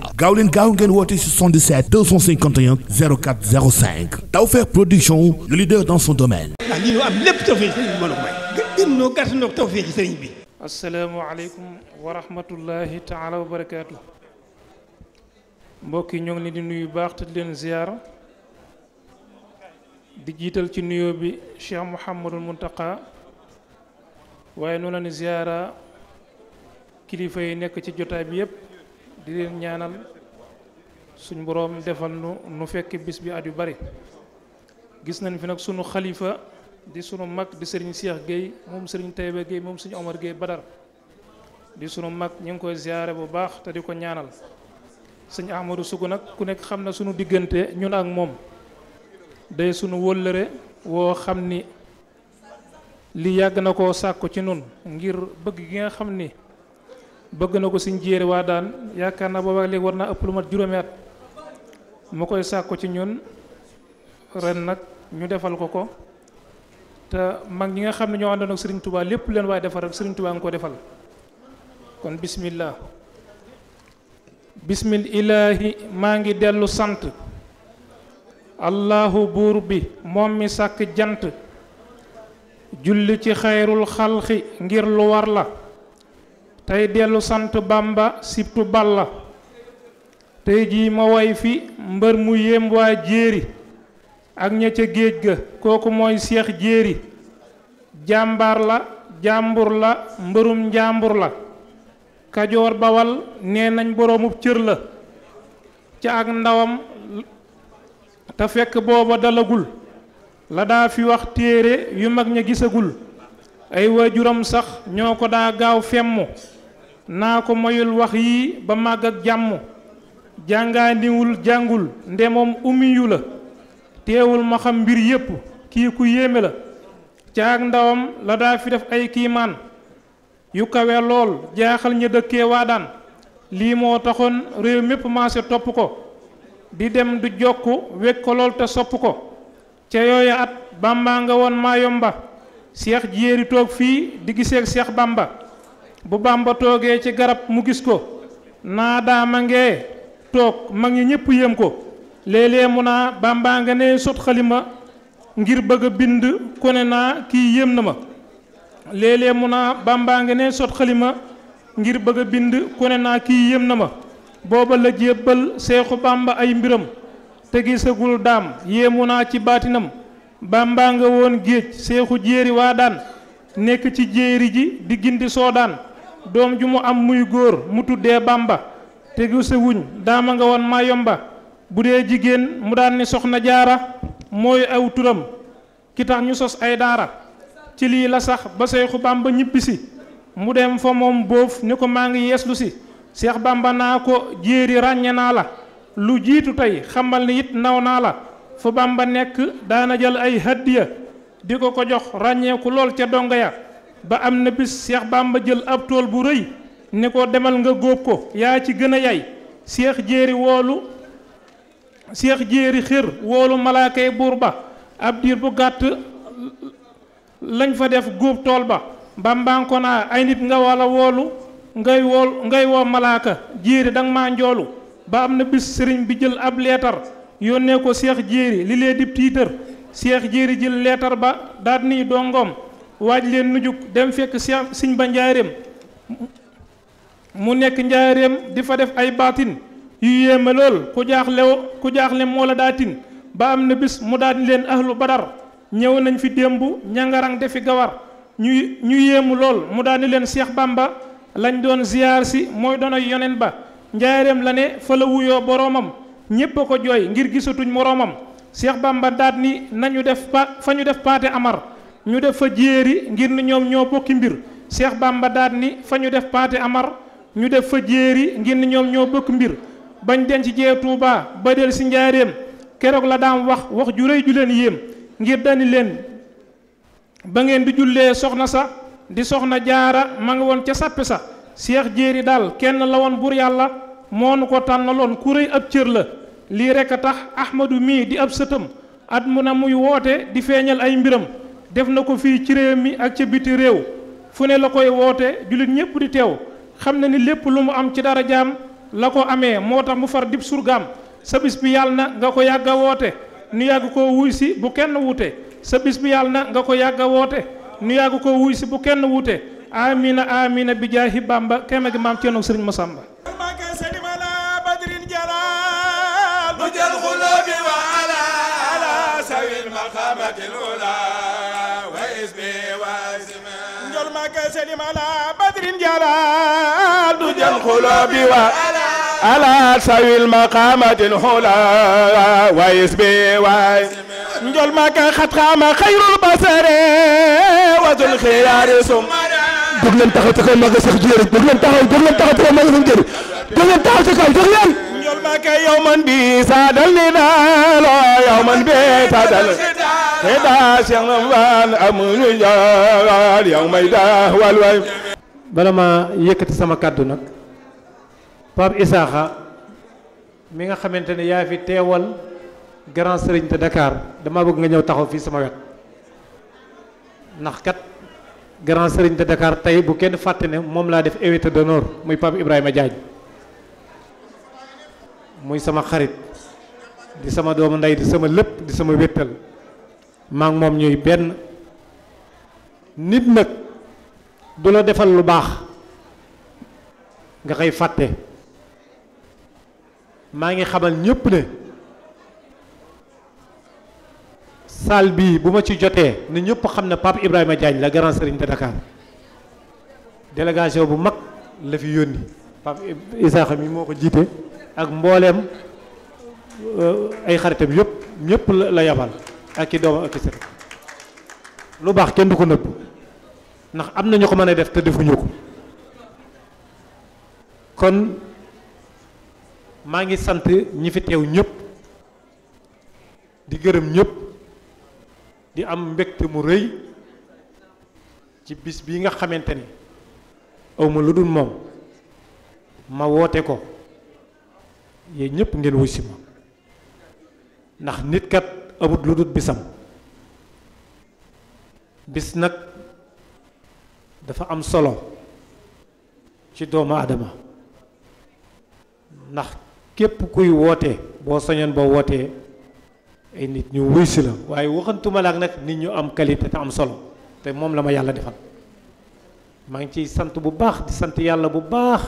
waaw gaaw leen gaaw ngeen woote 77 251 04 05 Production leader dans son domaine. ah lii ñu am lépp tawfeex sëriñ bi a may. gën noo gàtt noo tawfeex sëriñ bi. asalaamaaleykum wa rahmatullahi taala wa barakaatu. mbokk yi ñoo ngi leen di nuyu baax te di leen ziar. di jiital ci nuyoo bi Cheikh Mouhamadul Mountakha waaye noonu ni ziara kilifa yi nekk ci jotaay bi yépp di leen ñaanal suñ boroom defal nu nu fekk bis bi at yu bari gis nañ fi nag suñu xalifa di sunu mag di sëriñ Cheikh Gueye moom sëriñ Taïba Gueye moom suñu Omar Gueye Badar di sunu mag ñu ngi koy ziyaare bu baax te di ko ñaanal sëñ Ahmadou Sougou nag ku nekk xam na suñu diggante ñun ak moom day suñu wóllëre woo xam ni li yàgg na koo sàkku ci nun ngir bëgg gi nga xam ni bëgg na ko suñ jéere waa daan yaakaar naa booba léegi war naa ëpp lu mat juróomi at mu koy sàkku ci ñun ren nag ñu defal ko ko te mag ñi nga xam ne ñoo àndoon ak Serigne Touba lépp leen waaye defal rek Serigne Touba nga ko defal kon bismillah bismillahi maa ngi dellu sant allahu buur bi moom mi sàkk jant julli ci xayrul xalxi ngir lu war la tey dellu sant Bamba sibtu Balla tey jii ma woy fi mbër mu yéem waa jéeri ak ña ca géej ga kooku mooy seex jéeri jàmbaar la jàmbur la mbërum njàmbur la kajoor bawal nee nañ boroomub cër la ca ak ndawam te fekk booba dalagul la daa fi wax téere yu mag ña gisagul ay waajuram sax ñoo ko daa gaaw femmu naa ko moyul wax yi ba màgg ak jàmm jàngaaniwul jàngul nde moom teewul ma xam mbir yépp kii ku yéeme la caag ndawam la daa fi def ay kiimaan yu kawe lool jaaxal ña dëkkee waadaan lii moo taxoon réew mépp maase topp ko di dem di jokk wekk ko te sopp ko ca yooya at bàmbaa nga woon maayomba seex jéeri toog fii di giseeg seex bàmba bu Bàmba toogee ci garab mu gis ko naa daama ngee toog mag ñi ñëpp yéem ko léeg-léeg mu naa Bàmbaa nga ne sot xalima ngir bëgg a bind ku naa kii yéem na ma léeg-léeg mu naa Bàmbaa nga ne sot xalima ngir bëgg a bind kone naa kii yéem na ma booba la jébbal seexu Bàmba ay mbiram te gisagul daam yéemu naa ci baatinam Bàmbaa nga woon géej seexu jéeri waa daan nekk ci jéeri ji di soo soodaan doom ju mu am muy góor mu tuddee bamba te sa wuñ daama nga won ma yomba bu dee jigéen mu daan ni na jaara mooy aw turam ki tax ñu sos ay daara ci lii la sax ba seexu bamba ñibbisi mu dem fa moom boof ni ko maa ngi yeeslu si seex bamba naa ko jéeri ràññe naa la lu jiitu tey xamal ni it naw naa la fa bamba nekk daana jël ay haddiya di ko ko jox ràññeeku lool ca donga ya ba am na bis Seex Bàmba jël ab tool bu rëy ne ko demal nga góob ko yaa ci gën a yay seex jéeri woolu seex jéeri xir woolu malaakay buur ba ab diir bu gàtt lañ fa def góob tool ba bambaanko naa ay nit nga wala woolu ngay wool ngay woo malaaka jéeri danga maa njoolu ba am na bis sëriñ bi jël ab leetar yónnee ko seex jéeri li lee dib tiitër seex jéeri jël leetar ba daat nii dongoom waaj leen nu jug dem fekk siñ ba njaareem mu nekk njaareem di fa def ay baatin yu yéeme lool ku jaaxle ku jaaxle moo la daatin ba am na bis mu daan leen ahlu badar ñëw nañ fi démb ñangarang fi gawar ñu ñu yéemu lool mu daani leen Seex Bàmba lañ doon ziyaar si mooy doon ay yonen ba njaareem la ne fa la wuyoo boroomam ñépp ko jooy ngir gisatuñ moroomam Seex Bàmba daat ni nañu def pa fa ñu def paate amar ñu def fa jéeri ngir ni ñoom ñoo bokki mbir Cheikh Bamba daat ni fa ñu def Paate Amar ñu def fa jéeri ngir ni ñoom ñoo bokki mbir bañ denc jee Touba ba si njaareem keroog la daam wax wax ju rëy ju leen yéem ngir dani leen ba ngeen di jullee soxna sa di soxna jaara ma nga woon ca sàppe sa Cheikh jéeri daal kenn la woon buur yàlla moonu ko tànnaloon ku rëy ab cër la lii rek a tax Ahmadu mii di ab sëtam at mu na muy woote di feeñal ay mbiram def na ko fii ci réew mi ak ca biti réew fu ne la koy woote jullit ñëpp di teew xam na ni lépp lu mu am ci dara jaam la ko amee moo tax mu far dib surgaam sa bis bi yàlla na nga ko yàgg a woote nu yàgg ko wuy si bu kenn wute sa bis bi yàlla na nga ko yàgg woote nu yàgg ko wuy si bu kenn wute amina amina bi jaahi bamba keme gi maam ceenoog sëriñ Masamba سلم على بدر جلال دجى الخلاب وعلى على سوي المقامة a ويسبي ويس نجل مكا خط خام wa البصر وذو الخيار سم jóg leen taxaw ci kaw maga sax jëri jóg leen taxaw jóg leen taxaw ci kaw maga sax jëri jóg leen taxaw ci kaw jóg leen njol maka yow man bi sadal ni daalo yow man bi sadal thế đa siêng lâm bala ma yëkkati sama kàddu nag Pape Isaaxa mi nga xamante ne yaa fi teewal grand sëriñ te Dakar dama bëgg nga ñëw taxaw fii sama wet ndax kat grand sëriñ te Dakar tey bu kenn fàtte ne moom laa def invité d'honneur muy Pape Ibrahima Diagne muy sama xarit di sama doomu ndey di sama lëpp di sama wéttal maa moom ñuy benn nit nag du la defal lu baax nga koy fàtte maa ngi xamal ñépp ne salle bii bu ma ci jotee ne ñëpp xam ne Pape Ibrahima Diagne la grand serigne de Dakar délégation bu mag la fi yónni Pape Isaaxa mi moo ko jiite ak mbooleem euh, ay xaritam yëpp ñëpp la yabal ak i doomam ak i sëtam lu baax kenn du ko nëbb ndax am na ñu ko mën a def te defuñu ko kon maa ngi sant ñi fi teew ñëpp di gërëm ñëpp di am mbégte mu rëy ci bis bi nga xamante ni awma lu dul moom ma woote ko yéen ñëpp ngeen wuy ma ndax nit kat amut lu dut bisam bis nag dafa am solo ci doomu aadama ndax képp kuy woote boo soñoon ba wootee ay nit ñu wuy la waaye waxantuma laa ak nag nit ñu am qualité te am solo te moom la ma yàlla defal maa ngi ci sant bu baax di sant yàlla bu baax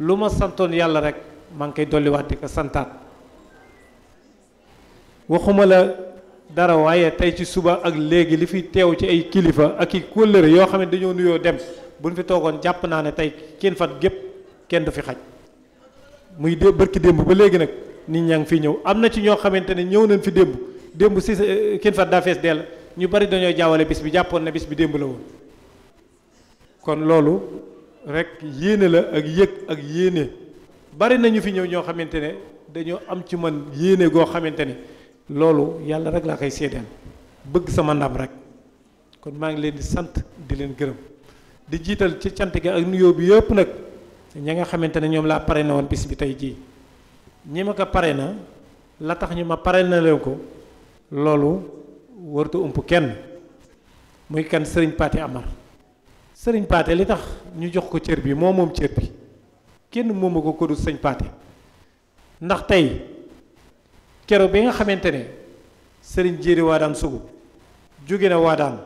lu ma santoon yàlla rek maa ngi koy dolliwaat di ko santaat waxuma la dara waaye tey ci suba ak léegi li fi teew ci ay kilifa ak i kóllëre yoo xam ne dañoo nuyoo dem buñ fi toogoon jàpp naa ne tey kenn fan gépp kenn du fi xaj muy dé bërki démb ba léegi nag nit ñaa ngi fi ñëw am na ci ñoo xamante ne ñëw nañ fi démb démb si eh, kenn fat daa fees ñu bari dañoo jaawale bis bi jàppoon na bis bi démb la woon kon loolu rek yéene la ak yëg ak yéene bari nañu fi ñëw ñoo xamante ne dañoo am ci man yéene goo xamante ne loolu yàlla rek laa koy seedeel bëgg sama ndam rek kon maa ngi leen di sant di leen gërëm di jiital ci cant gi ak nuyoo bi yëpp nag ña nga xamante ne ñoom laa pare na woon bis bi tey jii ñi ma ko pare na la tax ñu ma pare na leen ko loolu wartu ump kenn muy kan sëriñ Pathé Amar sëriñ paate li tax ñu jox ko cër bi moo moom cër bi kenn moomu ko ko du sëñ ndax tey kero bi nga xamante ne sëriñ Jéeri Waadaan Sugu jóge na Waadaan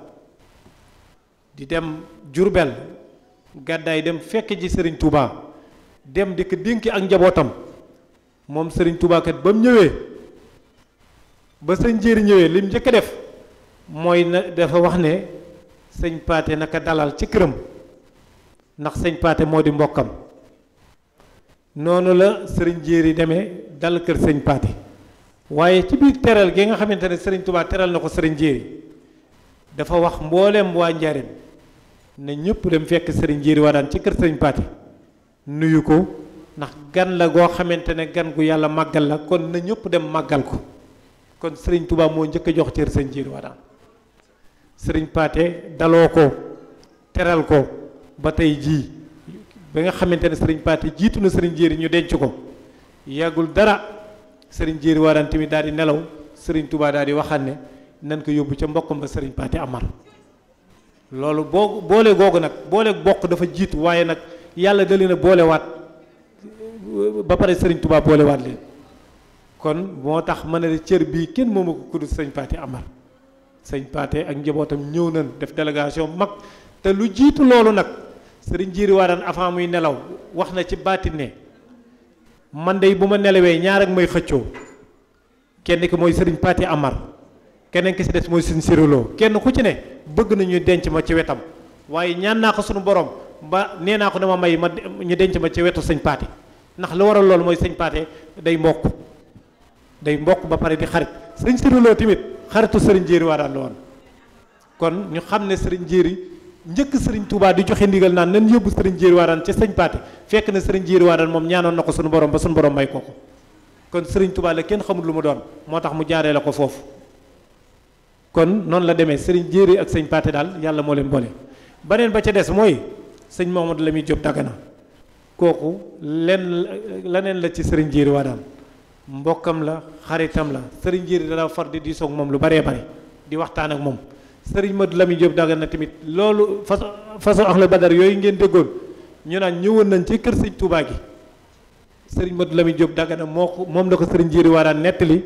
di dem Jurbel gàddaay dem fekk ji sëriñ Touba dem di ko dénki ak njabootam moom sëriñ Touba kat ba mu ñëwee ba sëñ Jéeri ñëwee lim njëkk a def mooy na dafa wax ne sëñpaate Paate naka dalal ci këram ndax sëñ Paate moo di mbokkam noonu la sëriñ Jéeri demee dal kër sëñ waaye ci biir teral gi nga xamante ne sëriñ Touba teral na ko sëriñ Jéeri dafa wax mbooleem waa njariñ ne ñëpp dem fekk sëriñ Jéeri Wadaan ci kër sëriñ Paate nuyu ko ndax gan la goo xamante ne gan gu yàlla màggal la kon na ñëpp dem màggal ko kon sëriñ Touba moo njëkk a jox cër sëriñ Jéeri Wadaan sëriñ Paate daloo ko teral ko ba tey jii ba nga xamante ne sëriñ Paate jiitu na sëriñ Jéeri ñu denc ko yàggul dara sëriñ jéeri waadaan tamit daal di nelaw sëriñ Touba daal di waxaat ne nan ko yóbbu ca mbokkam ba sëriñ Paate Amar loolu boo boole googu nag boole bokk dafa jiitu waaye nag yàlla da na a boolewaat ba pare sëriñ Touba boolewaat leen kon moo tax ma ne cër bii kenn moomu ko kudd sëriñ Paate Amar ak njabootam ñëw nañ def délégation mag te lu jiitu loolu nag sëriñ jéeri waadaan avant muy nelaw wax na ci baatin ne man de bu ma nelawee ñaar ak may xëccoo kenn ki mooy sëriñ Pati Amar keneen ki si des mooy sëriñ Sirilo kenn ku ci ne bëgg ñu denc ma ci wetam waaye ñaan naa ko suñu borom ba nee naa ko dama may ma ñu denc ma ci wetu sëñ Pati ndax lu waral loolu mooy sëñ Pati day mbokk day mbokk ba pare di xarit sëriñ Sirilo tamit xaritu sëriñ Jéeri waa daan la kon ñu xam ne sëriñ Jéeri njëkk sëriñ Touba di joxe ndigal naan nan yóbbu sëriñ Jéeri Waadaan ca sëñ Paate fekk na sëriñ Jéeri Waadaan moom ñaanoon na ko suñu borom ba suñu borom may kon sëriñ Touba la kenn xamul lu mu doon moo tax mu jaaree la ko foofu kon noonu la demee sëriñ Jéeri ak sëñ Paate daal yàlla moo leen boole baneen ba ca des mooy sëñ la Lamine Diop Dagana kooku len leneen la ci sëriñ Jéeri Waadaan mbokkam la xaritam la sëriñ Jéeri dala far di diisoo moom lu baree bare di waxtaan ak moom sëriñ Modou Lamine Diop daga na tamit loolu façon façon ahlu badar yooyu ngeen déggoon ñu naan ñëwoon nañ ci kër sëriñ Touba gi sëriñ Modou Lamine Diop daggana moo ko moom la ko sëriñ Jéeri Waadaan nettali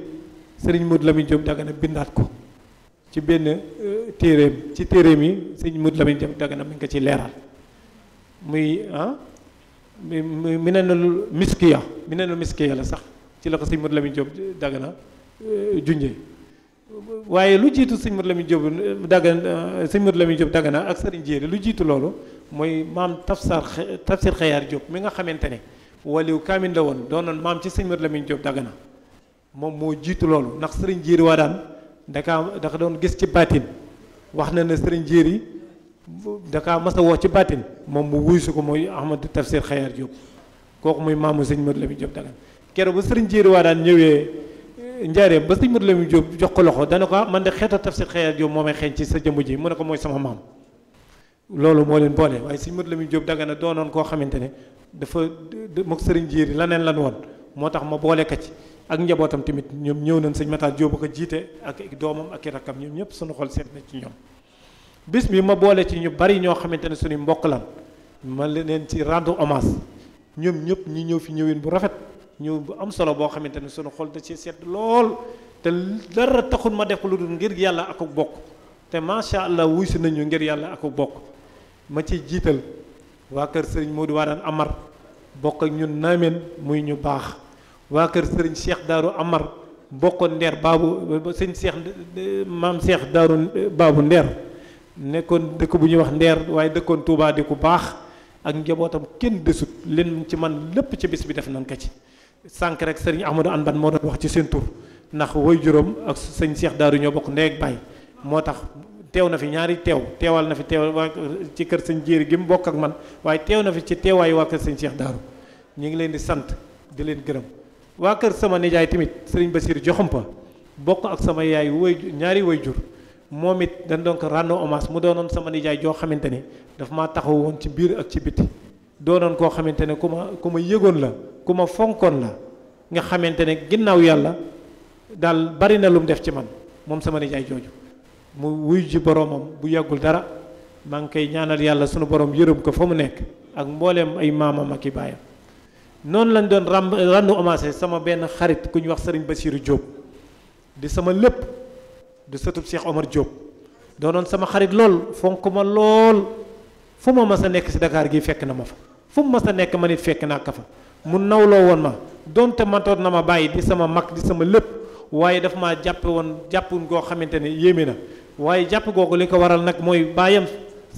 sëriñ Modou Lamine Diop daga bindaat ko ci benn euh, téeréem ci téeréem yi sëriñ Modou Lamine Diop daga na mi ko ci leeral muy ah mi mi ne na lu miskiya mi ne na la sax ci la ko sëriñ Modou Lamine Diop daga na euh, junjee waaye lu jiitu sëñ Mor Lamine Diop Dagana sëñ Mor Lamine Diop Dagana ak sëriñ Jéeri lu jiitu loolu mooy maam tafsar tafsir xayaar Diop mi nga xamante ne waliw kaamin la woon doonoon maam ci la muy Lamine Diop na moom moo jiitu loolu ndax sëriñ Jéeri waa daan daka daka doon gis ci baatin wax na ne sëriñ Jéeri daka mas a woo ci baatin moom mu wuyu su ko mooy Ahmad tafsir xayaar Diop kooku muy maamu sëñ Mor Lamine Diop Dagana keroog ba sëriñ Jéeri waa daan njaareem ba sëñ Modou Lamine Diop jox ko loxo dana ko ah, man de xeetu tafsir Xayyaat Diop moo may xeeñ ci sa jëmm ji mu ne ko mooy sama maam loolu moo leen boole waaye sëñ Modou Lamine Diop Dagana doonoon koo xamante ne dafa mook sëriñ Jiiri laneen lan woon moo tax ma boole ko ci ak njabootam tamit ñoom ñëw nañ sëñ Matar Diop ko jiite ak doomam ak i rakkam ñëpp suñu xol seet na ci ñoom bis bi ma boole ci ñu bari ñoo xamante ne suñu mbokk lan ma leen ci rendre hommage ñoom ñëpp ñi ñëw fi ñëwin bu rafet ñu bu am solo boo xamante ne sunu xol da ci sedd lool te dara taxul ma def ko lu dul ngir yàlla ak bokk te macha allah wuy nañu ngir yàlla ak bokk ma ci jiital waa kër sëriñ Modou Wadane Amar bokk ak ñun naameen muy ñu baax waa kër sëriñ seex daaru Amar bokkoon ndeer baabu sëñ Cheikh maam Cheikh daaru baabu ndeer nekkoon dëkk bu ñuy wax ndeer waaye dëkkoon Touba di ku baax ak njabootam kenn desut leen ci man lépp ci bis bi def nañ ko ci. sànq rek sëriñ Ahmadou Anban moo doon wax ci seen tur ndax woy juróom ak sëñ Cheikh Daaru ñoo bokk ndey ak baay moo tax teew na fi ñaari teew teewal na fi teew ci kër sëñ Jéeri gi mu ak man waaye teew na fi ci teewaay waa kër sañ Cheikh Daaru ñu ngi leen di sant di leen gërëm waa kër sama nijaay tamit sëriñ Basiir Joxumpa bokk ak sama yaay woy ñaari woy jur moom it dañ doon ko rendre hommage mu doonoon sama nijaay joo xamante ni daf maa taxaw woon ci biir ak ci biti doonoon koo xamante ne ku ma ku ma yëgoon la ku ma fonkoon la nga xamante ne ginnaaw yàlla daal bari na lu mu def ci man moom sama nijaay jooju mu wuy ji boroomam bu yàggul dara maa ngi koy ñaanal yàlla sunu borom yërëm ko fa mu nekk ak mbooleem ay maamam ak i baayam noonu lañ doon ràmb randu hommage sama benn xarit ku ñu wax sëriñ Basiiru Jóob di sama lépp di sëtub Cheikh Omar Jóob doonoon sama xarit lool fonk ma lool fu ma mas nekk si dakaar gi fekk na ma fa fu ma mas a nekk man it fekk naa ko fa mu nawloo woon ma donte matoon na ma bàyyi di sama mag di sama lépp waaye dafa maa jàppe woon jàppun goo xamante ne yéeme na waaye jàpp googu li ko waral nag mooy baayam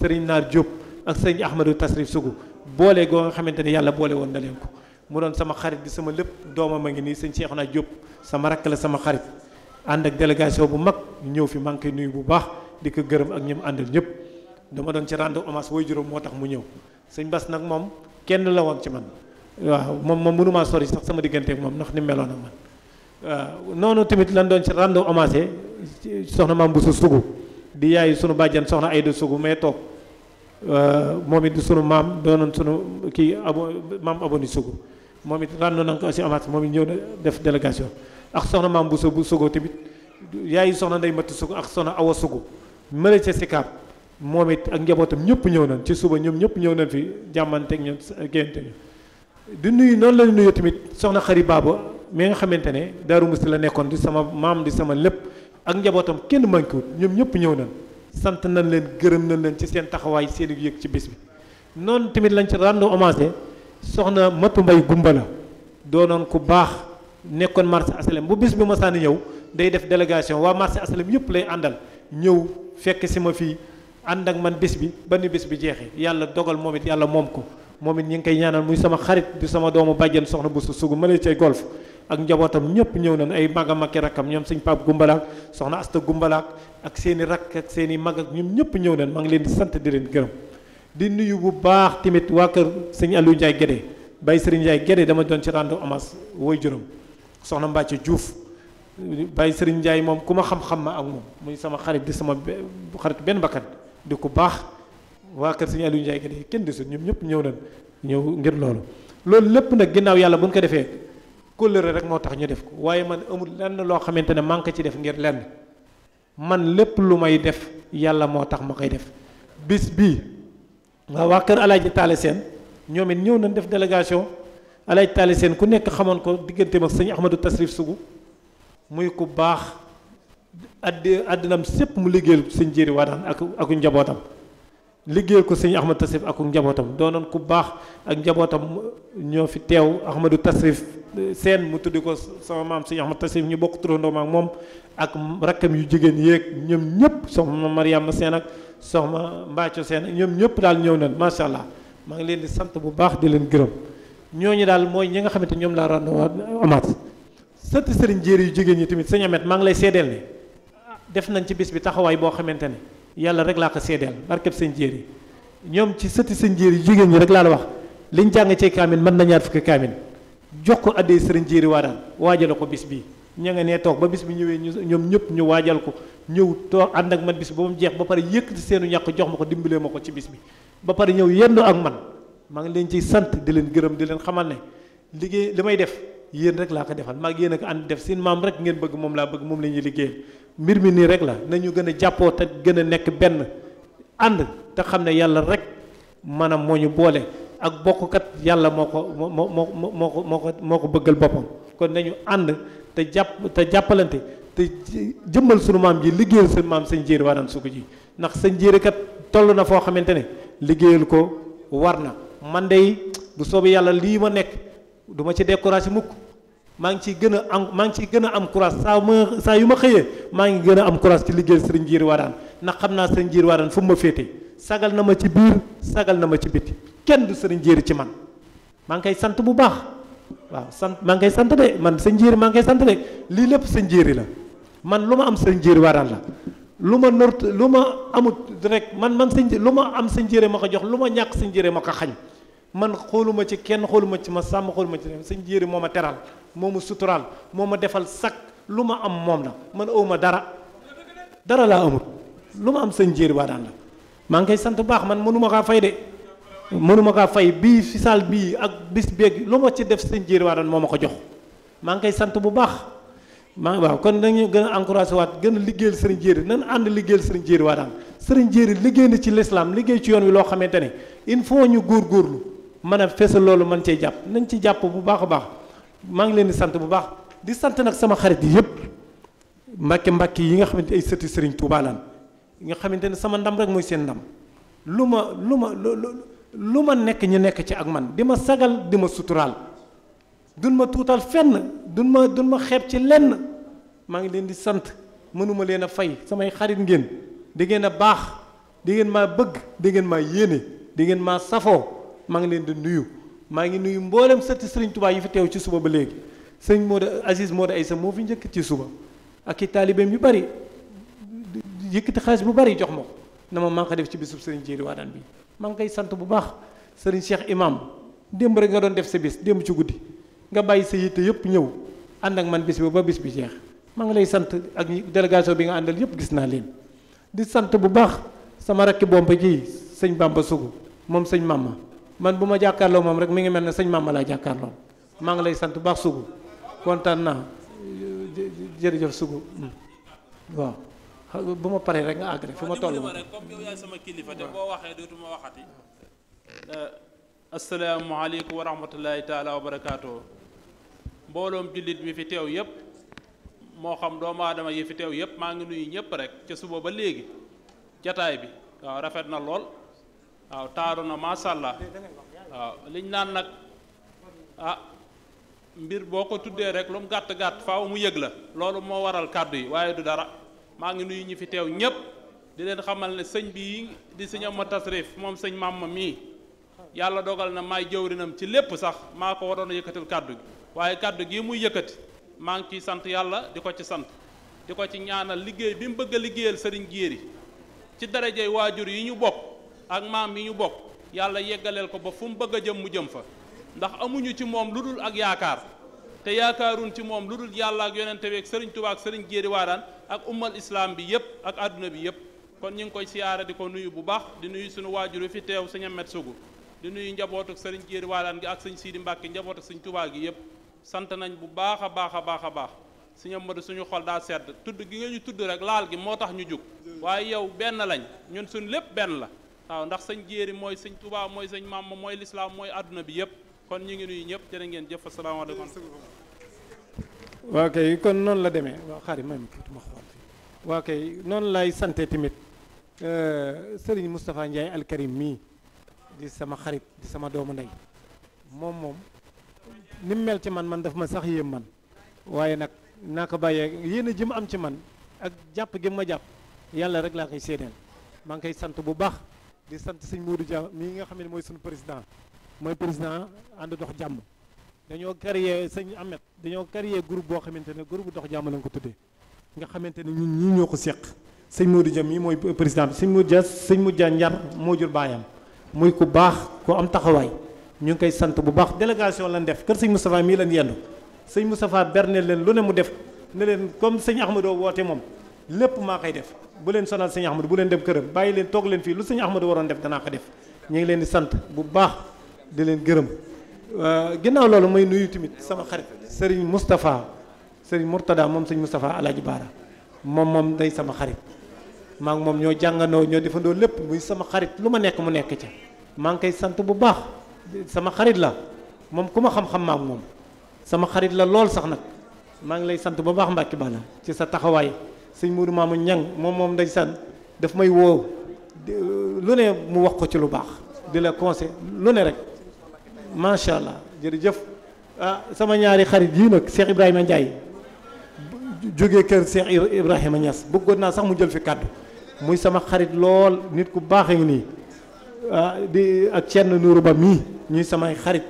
sëriñ Naar Diop ak sëriñ Ahmadou Tasrif Sougou boole goo nga xamante ne yàlla boole woon na leen ko mu doon sama xarit di sama lépp doomam a ngi nii sëñ Cheikhouna Diop sama rakk la sama xarit ànd ak délégation bu mag ñëw fi maa ngi koy nuyu bu baax di ko gërëm ak ñim àndal ñëpp dama doon ci rendre hommage woy juróom moo tax mu ñëw sëñ Bas nag moom kenn la woon ci man waaw moom moom mënumaa sori sax sama diggante ak moom ndax ni meloon ak man waaw noonu tamit lan doon ci rendre hommage soxna maam Bousso Sougou di yaay sunu bàjjan soxna Aïda Sougou mais toog euh, moom it sunu maam doonoon sunu kii abo maam aboni Sougou moom it rendre nañ ko aussi moom it def délégation ak soxna maam Bousso bu Sougou tamit yaay soxna Ndeye matt Sougou ak soxna Awa Sougou mële ca Sicap moom it ak njabootam ñëpp ñëw nañ ci suba ñoom ñëpp ñëw nañ fi jàmmanteeg ñoom génte ñu di nuyu noonu la nuyu tamit soxna xari baaba mi nga xamante ne Daaru Musti la nekkoon di sama maam di sama lépp ak njabootam kenn manquewut ñoom ñëpp ñëw nañ sant nañ leen gërëm nañ leen ci seen taxawaay seen yëg ci bis bi noon tamit lañ ci rendre hommage soxna matu mbay gumba la doo noon ku baax nekkoon marché asalem bu bis bi ma sànni ñëw day def délégation waa marché asalem yëpp lay àndal ñëw fekk si ma fii ànd ak man bis bi ba ni bis bi jeexee yàlla dogal moom it yàlla moom ko moom it ñi ngi koy ñaanal muy sama xarit di sama doomu bàjjen soxna bu su sugu mële cay golf ak njabootam ñëpp ñëw nañ ay mag a makki rakkam ñoom sëñ Pape Gumbalaak soxna Asta Gumbalaak ak seeni i rakk ak seen mag ak ñoom ñëpp ñëw nañ maa ngi leen di sant di leen gërëm di nuyu bu baax timit waa kër sëñ Aliou Ndiaye Guédé Baye Serigne Ndiaye dama doon ci rendu amas woy juróom soxna Mbàcce Diouf Baye Serigne Ndiaye moom ku ma xam-xam ma ak muy sama xarit di sama xarit benn bakkan di ku baax waa kër Serigne Aliou Ndiaye gi kenn desul ñoom ñëpp ñëw nañ ñëw ngir loolu loolu lépp nag ginnaaw yàlla bu ñu ko defee kóllëre rek moo tax ñu def ko waaye man amul lenn loo xamante ne man ko ci def ngir lenn man lépp lu may def yàlla moo tax ma koy def bis bii waaw waa kër alaaji taale seen ñoom it ñëw nañ def délégation alaaji taale seen ku nekk xamoon ko digganteem ak sëñ Ahmadou Tasrif Sougou muy ku baax addi àddinaam sépp mu liggéeyal sëñ Jéeri Wadaan ak ak njabootam liggéeyal ko sëñ Ahmad Tasrif ak njabootam doonoon ku baax ak njabootam ñoo fi teew Ahmadou Tasrif seen mu tuddi ko sama maam sëñ Ahmad Tasrif ñu bokk turandoo ak moom ak rakkam yu jigéen yéeg ñoom ñëpp soxna ma Seen ak sox soxna Mbaaco Seen ñoom ñëpp daal ñëw nañ macha allah maa ngi leen di sant bu baax di leen ñoo ñooñu daal mooy ñi nga xamante ñoom laa ràndawaat amaat sëti sëriñ Jéeri yu jigéen ñi tamit sëñ maa ngi lay seedeel def nañ ci bis bi taxawaay boo xamante ne yàlla rek laa ko seedeel barkeb sëñ yi ñoom ci sëti sëñ jéeri jigéen ñi rek laa la wax liñ jàng cee kaamin mën na ñaar fukki jox ko addee sëriñ jéeri waa daan ko bis bii ña nga nee toog ba bis bi ñëwee ñu ñoom ñëpp ñu waajal ko ñëw toog ànd ak man bis ba mu jeex ba pare yëkkati seenu ñàkk jox ma ko dimbalee ma ko ci bis bi ba pare ñëw yendu ak man maa ngi leen ciy sant di leen gërëm di leen xamal ne liggéey li def yéen rek laa ko defal maa ngi yéen ànd def seen maam rek ngeen bëgg moom laa bëgg moom la ñuy liggéeyal mbir mi nii rek la nañu gën a jàppoo te gën a nekk benn ànd te xam ne yàlla rek maanaam moo ñu boole ak bokkukat yàlla moo ko moo moo moo ko moo ko moo ko bëggal boppam kon nañu ànd te jàpp te jàppalante te jëmmal sunu maam ji liggéeyal sunu maam sëñ Jéeri Waadaan Sukku ji ndax sëñ Jéeri kat toll na foo xamante ne liggéeyal ko war na man de bu soobee yàlla lii ma nekk du ma ci découragé mukk maa ngi ciy gën a am maa ngi ciy gën a am courage saa ma saa yu ma xëyee maa ngi gën a am courage ci liggéey sëriñ Jiir Wadaan ndax xam naa sëriñ Jiir Wadaan fu mu ma féete sagal na ma ci biir sagal na ma ci biti kenn du sëriñ ci man maa ngi koy sant bu baax waaw sant maa ngi koy sant de man sëriñ Jiir maa ngi koy sant de lii lépp sëriñ Jiir la man lu ma am sëriñ Jiir Wadaan la lu ma nort lu ma amut rek man man sëriñ lu ma am sëriñ Jiir ma ko jox lu ma ñàkk sëriñ Jiir ma xañ man xooluma ci kenn xooluma ci ma sàmm xooluma ci sëriñ Jiir moo ma moo ma suturaal moo ma defal sakk lu ma am moom la man awma dara dara laa amut lu ma am sëñ jéeri waa daan la maa ngi koy sant bu baax man mënuma kaa fay de mënuma kaa fay bii fi saal bii ak bis beeg lu ma ci def sëñ jéeri waa daan moo ma ko jox maa ngi koy sant bu baax maa ngi waaw kon nañu gën a encouragé waat gën a liggéeyal sëriñ jéeri nan ànd liggéeyal sëriñ jéeri waa daan sëriñ jéeri liggéey na ci lislaam liggéey ci yoon wi loo xamante ne il ñu ñu góorgóorlu mën a fésal loolu mën cee jàpp nañ ci jàpp bu baax a baax maa ngi leen di sant bu baax di sant nag sama xarit yi yëpp mbàkke mbàkke yi nga xamante ay sëti sëriñ Tuubaa nga xamante ne sama ndam rek mooy seen ndam lu ma lu ma lu ma nekk ñu nekk ci ak man di ma sagal di ma suturaal duñ ma tuutal fenn duñ ma duñ ma xeeb ci lenn maa ngi leen di sant mënuma leen a fay samay xarit ngeen di ngeen a baax di ngeen maa bëgg di ngeen maa yéene di ngeen maa safoo maa ngi leen di nuyu maa ngi nuyu mboolem sëtti sëriñ Tuubaa yi fi teew ci suba ba léegi sëñ moo Aziz Modou Aïssa moo fi njëkk ci suba ak i taalibeem yu bari yëkkati xaalis bu bari jox ma ko na ko def ci bisub sëriñ Jéeri Waadaan bi maa ngi koy sant bu baax sëriñ Cheikh Imam démb rek nga doon def sa bis démb ci guddi nga bàyyi sa yitte yëpp ñëw ànd ak man bis bi ba bis bi jeex maa ngi lay sant ak délégation bi nga àndal yëpp gis naa leen di sant bu baax sama rakki bomba ji sëñ Bamba Sugu moom sëñ Mama man bu ma jàkkaarloo moom rek mi ngi mel ne sëñ Mame laa jàkkaarloo maa ngi lay sant bu baax Sougou kontaan naa jërëjëf Sougou waaw bu ma paree rek nga fu ma toll ma rek comme yow yaay sama kilifa te boo waxee dootuma waxati eh, asalaamaaleykum wa rahmatulahi taala wa barakaatu mbooloom jullit mi fi teew yépp moo xam doomu aadama yi fi teew yépp maa ngi nuyu ñépp rek ca suba ba léegi jataay bi waaw rafet na lool waaw taaru na macha allah waaw liñ naan nag ah mbir boo ko tuddee rek lu mu gàtt gàtt faw mu yëg la loolu moo waral kàddu yi waaye du dara maa ngi nuyu ñi fi teew ñépp di leen xamal ne sëñ bii di sëñ Ama Tasrif moom sëñ Màmma mii yàlla dogal na maay jëwrinam ci lépp sax maa ko waroon a yëkkatil kàddu gi waaye kàddu gi muy yëkkati maa ngi ciy sant yàlla di ko ci sant di ko ci ñaanal liggéey bi mu bëgg a liggéeyal sëriñ Jéeri ci darajey waajur yi ñu bokk ak maam yi ñu bokk yàlla yeggaleel ko ba fu mu bëgg a jëm mu jëm fa ndax amuñu ci moom lu dul ak yaakaar te yaakaarun ci moom lu dul yàlla ak yonente bi ak sëriñ Tuubaa ak sëriñ Jéeri Waadaan ak ummal islaam bi yépp ak àdduna bi yépp kon ñu ngi koy siyaara di ko nuyu bu baax di nuyu suñu waajur wi fi teew sëñ Amet Sugu di nuyu njabootu sëriñ Jéeri Waadaan gi ak sëñ Siidi Mbàkke njabootu sëñ Tuubaa gi yépp sant nañ bu baax a baax a baax a baax sëñ Amadu suñu xol daa sedd tudd gi nga ñu tudd rek laal gi moo tax ñu jug waaye yow benn lañ ñun suñu lépp benn la waaw ndax sëñ jéeri mooy sëñ Tuubaa mooy sëñ maam mooy lislaam mooy àdduna bi yëpp kon ñu ngi nuyu ñëpp jërë ngeen jëf asalaamaaleykum. waa kay kon noonu la demee waaw ma tuuti waa kay noonu lay sante tamit euh, sëriñ Moustapha Ndiaye alkarim mii di sama xarit di sama doomu ndey moom moom ni mel ci man man daf ma sax yéem man waaye nag naa ko bàyyee yéen a jëm am ci man ak jàpp gi ma jàpp yàlla rek laa koy séedeel maa ngi koy sant bu baax. di sant sëñ Modou Dia mii nga xam ne mooy suñu président mooy président ànd dox jàmm dañoo créé sëñ Ahmed dañoo créé groupe boo xamante ne groupe dox jàmm lañ ko tuddee nga xamante ne ñun ñii ñoo ko seq sëñ Modou Dia mii mooy président bi sëñ Modou Dia sëñ Modou Dia njar moo jur baayam muy ku baax ko am taxawaay ñu ngi koy sant bu baax délégation lañ def kër sëñ Moustapha mii lañ yendu sëñ Moustapha berne leen lu ne mu def ne leen comme sëñ Ahmadou woote moom lépp maa koy def bu leen sonal sëñ Ahmadou bu leen dem këram bàyyi leen toog leen fii lu sëñ Ahmadou waroon def danaa ko def ñu ngi leen di sant bu baax di leen gërëm euh, ginnaaw loolu mooy nuyu tamit sama xarit Serigne Moustapha Serigne Mourtada moom sëñ Moustapha Alaaji Baara moom moom day sama xarit maa moom ñoo jàngandoo ñoo defandoo lépp muy sama xarit lu ma nekk mu nekk ca maa ngi koy sant bu baax sama xarit la moom ku ma xam-xam maa moom sama xarit la lool sax nag maa ngi lay sant bu baax Mbàkke Bala ci sa taxawaay sëñ Mourou Maama Ñang moom moom ndeysaan dafa may woo lu ne mu wax ko ci lu baax di la conseil lu ne rek macha allah jërëjëf ah sama ñaari xarit yii nag Cheikh Ibrahima Ndiaye jógee kër Cheikh Ibrahima Niass bëggoon naa sax mu jël fi kàddu muy sama xarit lool nit ku baax a nii ah di ak Thierno Nourou Ba mii ñuy samay xarit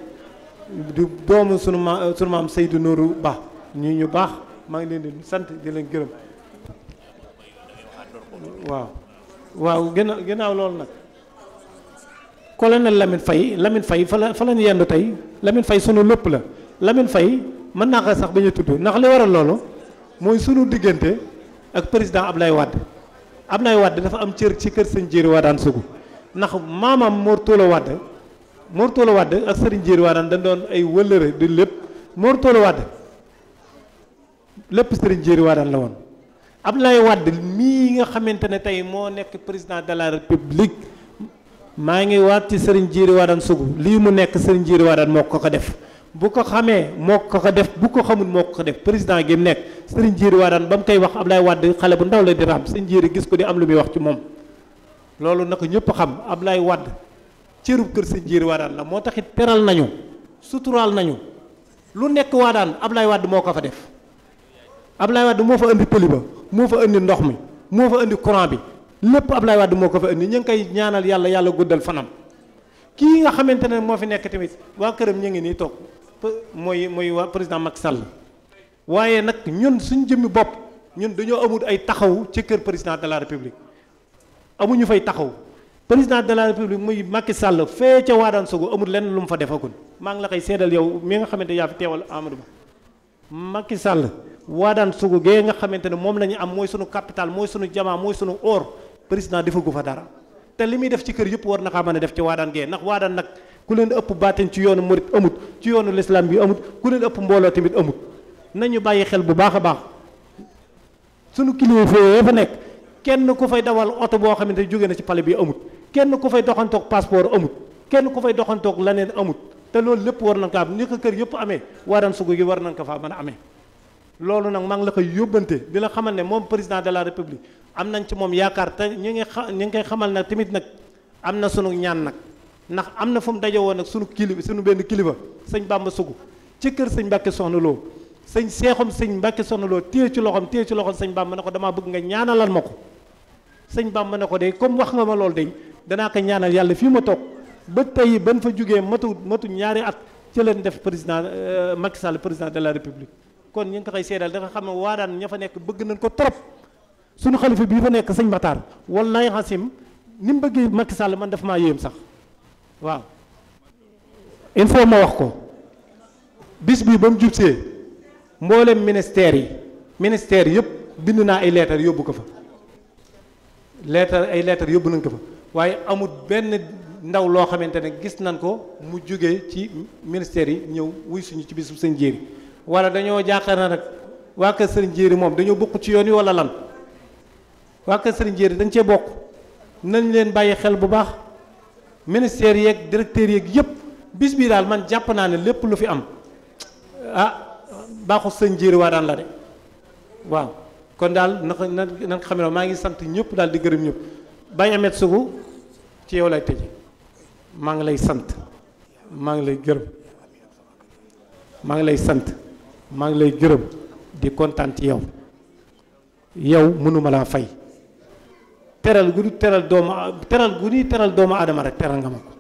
du doomu sunu ma sunu maam Seydou Nourou Ba ñuy ñu baax maa ngi leen di sant di leen gërëm. waaw waaw gennaaw loolu nag colonel Lamine fay Lamine fay fa la fa la ñu yendu tey Lamine Faye sunu lépp la Lamine fay mën naa ko sax ba tudd ndax li waral loolu mooy sunu diggante ak président ab Ablaye Wade Ablaye Wade dafa am cër ci kër sëñ Jéeri Wadaan Sugu ndax maamam Mor Toola Wade Mor Toola Wade ak sëriñ Jéeri Wadaan dañ doon ay wëllëre di lépp Mor Toola Wade lépp sëriñ Jéeri Wadaan la woon Abdoulaye wadd mii nga xamante ne tey moo nekk président de la république maa ngi waat ci Serigne Djily Wadane Sougou lii mu nekk Serigne Djily Wadane moo ko ko def bu ko xamee moo ko ko def bu ko xamul moo ko ko def président gi mu nekk Serigne Djily Wadane ba mu koy wax Abdoulaye Wade xale bu ndaw la di raam Serigne Djily gis ko di am lu muy wax ci moom loolu naka ñëpp xam Abdoulaye Wade cërub kër Serigne Djily Wadane la moo taxit teral nañu suturaal nañu lu nekk Wadane Abdoulaye Wade moo ko fa def Abdoulaye Wade moo fa indi pëli ba moo fa indi ndox mi moo fa indi courant bi lépp Abdoulaye Wade moo ko fa indi ñu ngi koy ñaanal yàlla yàlla guddal fanam kii nga xamante ne moo fi nekk tamit waa këram ñu ngi nii toog mooy mooy waa président Macky Sall waaye nag ñun suñ jëmmi bopp ñun dañoo amul ay taxaw ci kër président de la république amuñu fay taxaw président de la république muy Macky Sall fee ca waadaan sugu amul lenn lu mu fa defagul maa ngi la koy seedal yow mi nga xamante yaa fi teewal Amadou Ba waadaan sugu gee nga xamante ne moom lañu am mooy sunu capital mooy sunu jamaa mooy sunu or président defagu fa dara te li muy def ci kër yëpp war na kaa mën a def ci waadaan gee ndax waadaan nag ku leen ëpp baatin ci yoonu murit amut ci yoonu lislaam bi amut ku leen ëpp mbooloo tamit amut nañu bàyyi xel bu baax a baax sunu kilifa yee fa nekk kenn ku fay dawal oto boo xamante ne jóge na ci pale bi amut kenn ku fay doxantoog passeport amut kenn ku fay doxantoog leneen amut te loolu lépp war nañ ko am ni ko yëpp amee waadaan sugu gi war nañ ko faa mën a amee loolu nag maa ngi la koy yóbbante di la xamal ne moom président de la république am nañ ci moom yaakaar te ñu nga xam ñu ngi koy xamal nag tamit nag am na sunu ñaan nag ndax am na fu mu daje woon nag sunu kilifa sunu benn kilifa sëñ Bamba Sugu ci kër sëñ Mbàkke Soxna Lo sëñ seexum sëñ Mbàkke Soxna Lo téye ci loxoom téye ci loxoom sëñ Bamba na ko damaa bëgg nga ñaanalal ma ko sëñ Bamba ne ko de comme wax nga ma loolu de danaa ko ñaanal yàlla fii ma toog ba tey ban fa jógee matu matu ñaari at ci leen def président euh, Macky Sall président de la république kon ñu ngi ko koy seedal dafa xam ne waadaan ña fa nekk bëgg nañ ko trop suñu xalifa bii fa nekk sëñ Matar wallaay xasim ni mu bëggee Macky Sall man daf maa yéem sax waaw il faut ma wax ko bis bi ba mu jubsee mboolem ministère yi ministère yëpp bind naa ay leetar yóbbu ko fa leetar ay leetar yóbbu nañ ko fa waaye amut benn ndaw loo xamante ne gis nañ ko mu jóge ci ministère yi ñëw wuy suñu ci bisu sëñ jéeri wala dañoo jàqar na rek waa kër sëriñ jéeri moom dañoo bokk ci yoon yi wala lan waa kër sëriñ jéeri dañ cee bokk nañ leen bàyyi xel bu baax ministère yeeg directeur yeeg yëpp bis bii daal man jàpp naa ne lépp lu fi am ah baaxul sëriñ jéeri waa daan la de waaw kon daal na na nga xam ne maa ngi sant ñëpp daal di gërëm ñëpp Baye Amet Sugu ci yow lay tëj maa ngi lay sant maa ngi lay gërëm maa ngi lay sant maa ngi lay gërëm di kontaan ci yow yow mënuma laa fay teral gu teral doomu teral gu ñuy teral doomu aadama rek teral nga ma ko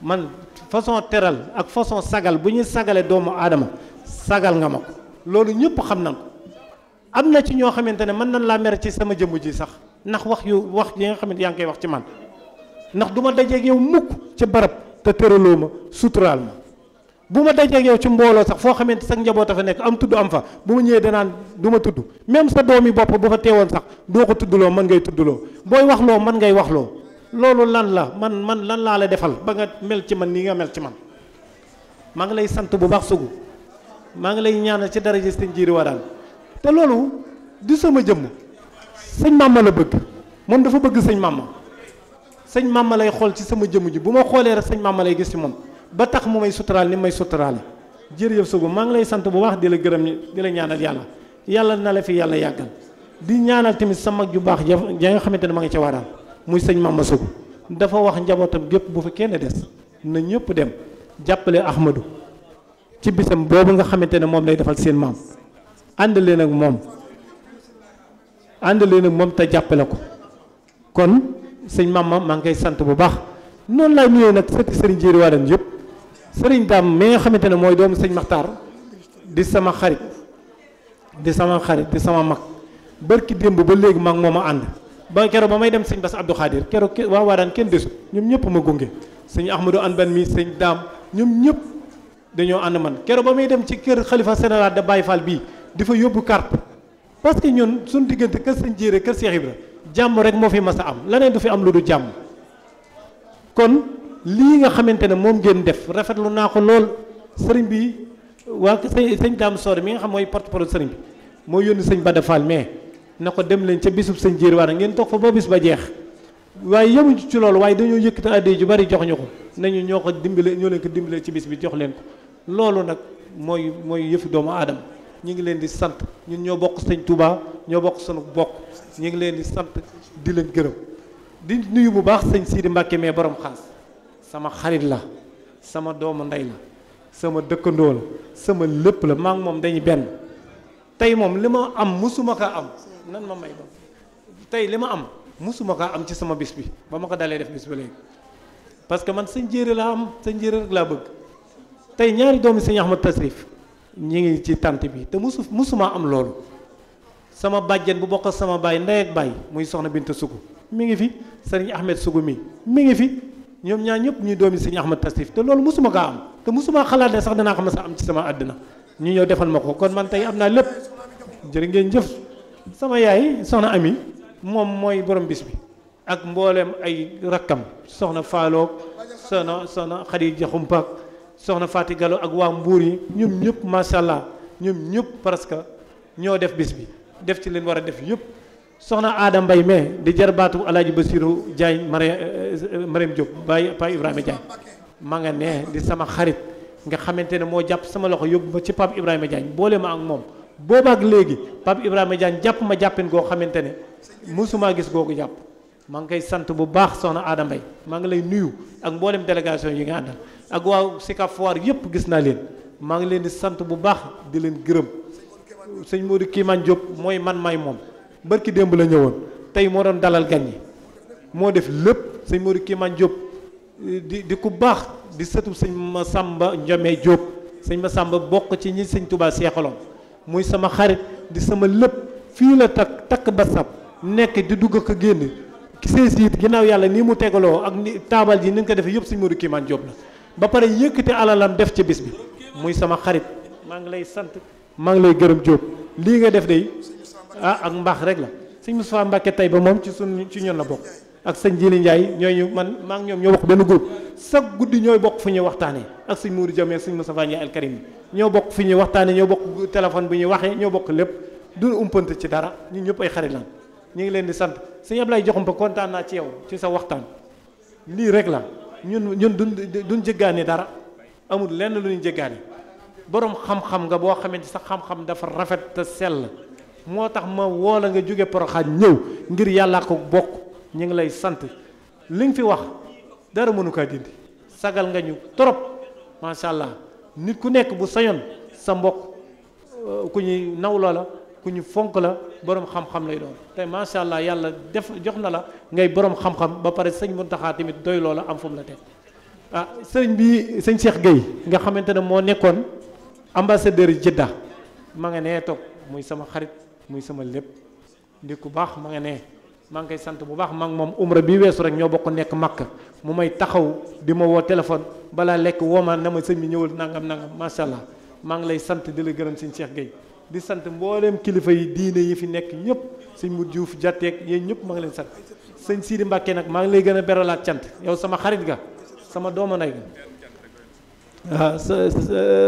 man façon teral ak façon sagal bu ñuy sagale doomu aadama sagal nga ma ko loolu ñëpp xam nañ ko am na ci ñoo xamante ne mën nañ laa mer ci sama jëmm ji sax ndax wax yu wax yi nga xamante yaa ngi koy wax ci man ndax du ma dajeeg yow mukk ci barab te tëraloo ma suturaal ma bu ma dajee ak yow ci mbooloo sax foo xamante sax njaboot a fa nekk am tudd am fa bu ma ñëwee danaan du ma tudd même sa doomi bopp bu fa teewoon sax doo ko tuddloo mën ngay tuddloo booy waxloo man ngay wax loo loolu lan la man man lan laa la defal ba nga mel ci man nii nga mel ci man maa ngi lay sant bu baax sugu maa ngi lay ñaan ci daraja sëñ jiiri waraan te loolu di sama jëmm sëñ màmma la bëgg moom dafa bëgg sëñ màmma sëñ màmma lay xool ci sama jëmm ji bu ma xoolee rek sëñ màmma lay gis ci moom ba tax mu may suturaal ni may suturaale jërëjëf Sougou maa ngi lay sant bu baax di la gërëm di la ñaanal yàlla yàlla na la fi yàlla yàggal di ñaanal tamit sa mag ju baax ja ja nga xamante ne ma ngi ca waaraan muy sañ Mama Sougou dafa wax njabootam gépp bu fa kenn des na ñëpp dem jàppale Ahmadou ci bisam boobu nga xamante ne moom lay defal seen maam ànd leen ak moom ànd leen ak te jàppale ko kon sëñ Mama maa ngi koy sant bu baax noonu laay nuyee nag sëti sëriñ Jéeri Wadane yëpp. sëriñ daam mi nga xamante ne mooy doomu sëñ Maxtaar di sama xarit di sama xarit di sama mag barki démb ba léegi mag moo ma ànd ba keroog ba may dem sëñ Bass Abdou Khadir keroog waa waa kenn desu ñoom ñëpp ma gunge sëñ Ahmadou an ban mii sañ daam ñoom ñëpp dañoo ànd man kero ba muy dem ci kër xalifa général de Baye Fall bii di fa yóbbu carte parce que ñun suñu diggante kër sëñ Jéere kër Cheikh Ibra jàmm rek moo fi mas a am leneen du fi am lu du jàmm kon lii nga xamante ne moom ngeen def rafet rafetlu naa ko lool sëriñ bi waa sëñ daam soore mi nga xam mooy porte-parole sëriñ bi moo yónni sëñ Bada Fall mais na ko dem leen ca bisub sëñ jéer waar ngeen toog fa boo bis ba jeex waaye yemuñu ci loolu waaye dañoo yëkkati addiya ju bari jox ñu ko nañu ñoo ko dimbale ñoo leen ko dimbale ci bis bi jox leen ko loolu nag mooy mooy yëfi doomu aadama ñu ngi leen di sant ñun ñoo bokk sëñ Touba ñoo bokk sunu bokk ñu ngi leen di sant di leen gërëm di nuyu bu baax sëñ Sidi Mbacke mais borom xaas sama xarit la sama doomu ndey la sama dëkkandoo la sama lépp la maa ngi moom dañu benn tey moom li ma am musuma kaa am nan ma may tey li ma am musuma kaa am ci sama bis bi ba ma ko dalee def bis ba léegi parce que man sa njéere laa am sa njéere rek laa bëgg tey ñaari doomi sëñ Ahmad Tasrif ñi ngi ci tant bi te musu musuma am loolu sama bàjjen bu bokk sama baay ndey ak baay muy soxna Binta Sugu mi ngi fi sëriñ Ahmed Sugu mi mi ngi fi ñoom ñaar ñëpp ñuy doom doomi sëñ Ahmad Tasif te loolu mosuma kaa am te mosuma xalaat ne sax danaa xam sa am ci sama àddina ñu ñëw defal ma ko kon man tey am naa lépp jërë ngeen jëf sama yaay soxna Ami moom mooy borom bis bi ak mbooleem ay rakkam soxna faaloog soxna soxna Khadija Xumpaak soxna Faati Gallo ak waa Mbuur yi ñoom ñëpp macha allah ñoom ñëpp parce que ñoo def bis bi def ci leen war a def yëpp. soxna aada mbay me di jarbaatu alaaji basiru Diagne euh, Mariam Diop baay Pape Ibrahima Diagne ma nga ne di sama xarit nga xamante ne moo jàpp sama loxo yóbbu ma ci Pape Ibrahima Diagne boole ma ak moom booba ak léegi Pape Ibrahima Diagne jàpp ma jàppin goo xamante ne mësumaa gis googu jàpp maa ngi koy sant bu baax soxna aada mbay maa ngi lay nuyu ak mboolem délégation yi nga àndal ak waa Sicap Foire yëpp gis naa leen maa ngi leen di sant bu baax di leen gërëm sëñ Modou Kiman Diop mooy man may moom barki démb la ñëwoon tey moo doon dalal gan yi moo def lépp sëñ Modou Kimane Diop eh, di di ku baax di sëtu sëñ Masamba Ndiome Diop sëñ Masamba bokk ci ñi sëñ Touba seexaloon muy sama xarit di sama lépp fii la takk takk ba sab nekk di dugg ak génn kisee siit ginnaaw yàlla nii mu tegaloo ak ni taabal ji ni nga ko defee yëpp sëñ Modou Kimane jóob la ba pare yëkkate alalam def ci bis bi muy sama xarit maa ngi lay sant maa ngi lay gërëm Diop lii nga def de ah ak mbaax rek la sëñ Moustapha Mbacke tey ba moom ci suñ ci ñoon la bokk ak sëñ Jili Ndiaye ñooñu man maa ngi ñoom ñoo bokk benn groupe sa guddi ñooy bokk fu ñuy waxtaanee ak sëñ Mourou Diame ak sëñ Moustapha sa al Karim ñoo bokk fu ñuy waxtaanee ñoo bokk téléphone bi ñuy waxee ñoo bokk lépp du ci dara ñun ñëpp ay xarit ñu ngi leen di sant sëñ Ablaye Joxumpa kontaan naa ci yow ci sa waxtaan lii rek la ñun ñun duñ duñ jéggaane dara amul lenn lu ñu jéggaane borom xam-xam nga boo xamante sa xam-xam dafa rafet te sell moo tax ma woo la nga jóge poroxaan ñëw ngir yàllaa ko bokk ñu ngi lay sant li nga fi wax dara mënu kaa dindi sagal nga ñu trop macha allah nit ku nekk bu sañoon sa mbokk euh, ku ñuy nawloo la ku ñu fonk la borom xam-xam lay doon te macha allah yàlla def jox na la ngay borom xam-xam ba pare sëñ Muntaxa tamit doy la am fu la teg ah sëñ bi sëñ Cheikh Gueye nga xamante ne moo nekkoon ambassadeur Jeddah ma nga nee toog muy sama xarit. muy sama lépp di ku baax ma nga ne maa ngi koy sant bu baax maa ngi moom umra bi weesu rek ñoo bokk nekk Makka mu may taxaw di ma woo téléphone balaa lekk woo ma na ma sëñ mi ñëwal nangam nangam macha allah maa ngi lay sant di la gërëm sëñ Cheikh Gueye di sant mbooleem kilifa yi diine yi fi nekk ñëpp si mu Diouf jatteeg yéen ñëpp maa ngi leen sant sëñ Sidi mbàkkee nag maa ngi lay gën a beralaat sant yow sama xarit ga sama doomu nag ga waaw ah, sa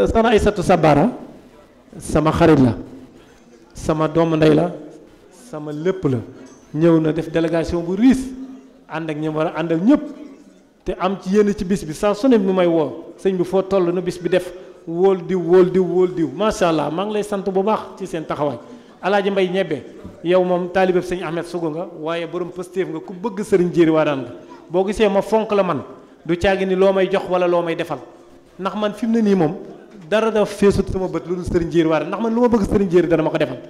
sa Aysatu Sabara sama xarit sama doom ndey la sama lépp la ñëw na def délégation bu riis ànd ak ñoom war a ànd ak ñëpp te am ci yenn ci bis bi saa su ne mu may woo sëñ bi foo toll na bis bi def wool diw wool diw wóol diw macha allah maa ngi lay sant bu baax ci seen taxawaay alaaji mbay ñebbe yow moom taalibeb sëñ Ahmed Sugu nga waaye borom pëstéef nga ku bëgg sëriñ jéeri waadaan nga boo gisee ma fonk la man du caagi ni loo may jox wala loo may defal ndax man fi ne nii moom dara daf feesut sama bët lu dul sëriñ jéeri waare ndax man lu ma bëgg sëriñ jéeri dana ma ko defal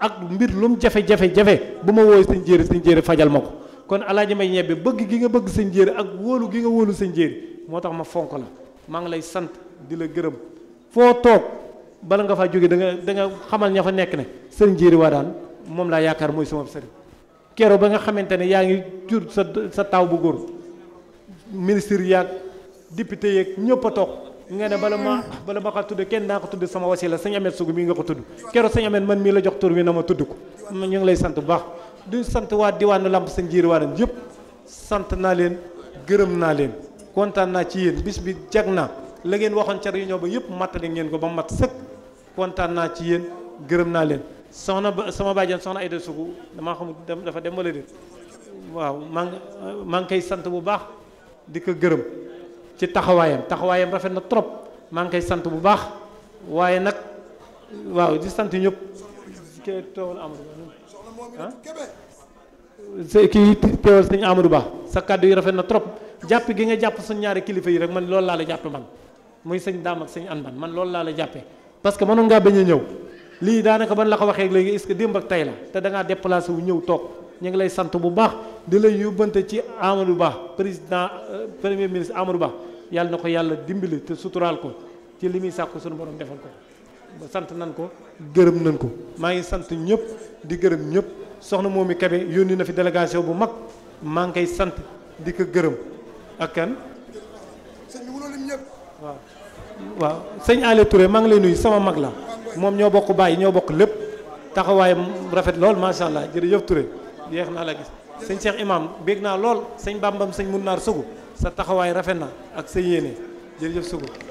ak mbir lu mu jafe-jafe-jafe bu ma wooy sëriñ jéeri sëriñ jéeri fajal ma ko kon alaaji may ñebbe bëgg gi nga bëgg sëriñ jéeri ak wóolu gi nga wóolu sëriñ jéeri moo tax ma fonk la maa ngi lay sant di la gërëm foo toog bala nga fa jóge da nga da xamal ña fa nekk ne sëriñ jéeri waa daan moom laa yaakaar mooy sama sëriñ kero ba nga xamante ne yaa ngi jur sa sa taw bu góor ministre yaag député yeeg ñëpp a nga ne bala ma bala ma ko tudd kenn naa ko tudd sama wasila sëñ Amet Sugu mii nga ko tudd keroog sëñ Amet man mii la jox tur bi na ma tudd ko ñu ngi lay sant bu baax du sant waa diwaanu Lamp sa njiir waanan yëpp sant naa leen gërëm naa leen kontaan naa ci yéen bis bi jag naa la ngeen waxoon ca réunion ba yëpp mattali ngeen ko ba mat sëkk kontaan naa ci yéen gërëm naa leen soxna ba sama bàjjan soxna Ayda Sugu damaa xam dafa dem wala déet waaw maa ngi maa ngi koy sant bu baax di ko gërëm ci taxawaayam taxawaayam rafet na trop maa ngi koy sant bu baax waaye nag waaw di sant ñëpp teewal Amadou Ba ah kii teewal sëñ Amadou Ba sa kàddu yi rafet na trop jàpp gi nga jàpp suñ ñaari kilifa yi rek man loolu laa la jàppe man muy sëñ daam ak sëñ anban man loolu laa la jàppee parce que mënoon ngaa bañ a ñëw lii daanaka ban la ko waxee léegi est-ce que démb ak tey la te dangaa ngaa wu ñëw toog ñu ngi lay sant bu baax di lay yóbbante ci Amadou baax président euh, premier ministre Amadou Ba yàlla na ko yàlla dimbali te suturaal ko ci li muy sàkku suñu borom defal ko sant nan ko gërëm nan ko maa ngi sant ñëpp di gërëm ñëpp soxna moom Momi Kébé yónni na fi délégation bu mag maa ngi koy sant di ko gërëm ak kan waaw waaw sëñ Allé Touré maa ngi lay nuyu sama mag la moom ñoo bokk bàyyi ñoo bokk lépp taxawaayam rafet lool macha allah jërëjëf Touré yéex naa la gis sëñ Cheikh Imam bég naa lool sëñ bàmbam sëñ mun naar sugu sa taxawaay rafet na ak sa yéene jërëjëf sugu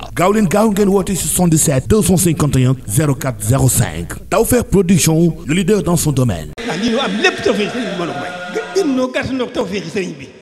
gaaw gaaw leen gaaw ngeen woote 77 251 04 05 Tawfekh Production le leader dans son domaine. a ah, may. gën noo gàtt noo tawfeex ci sëriñ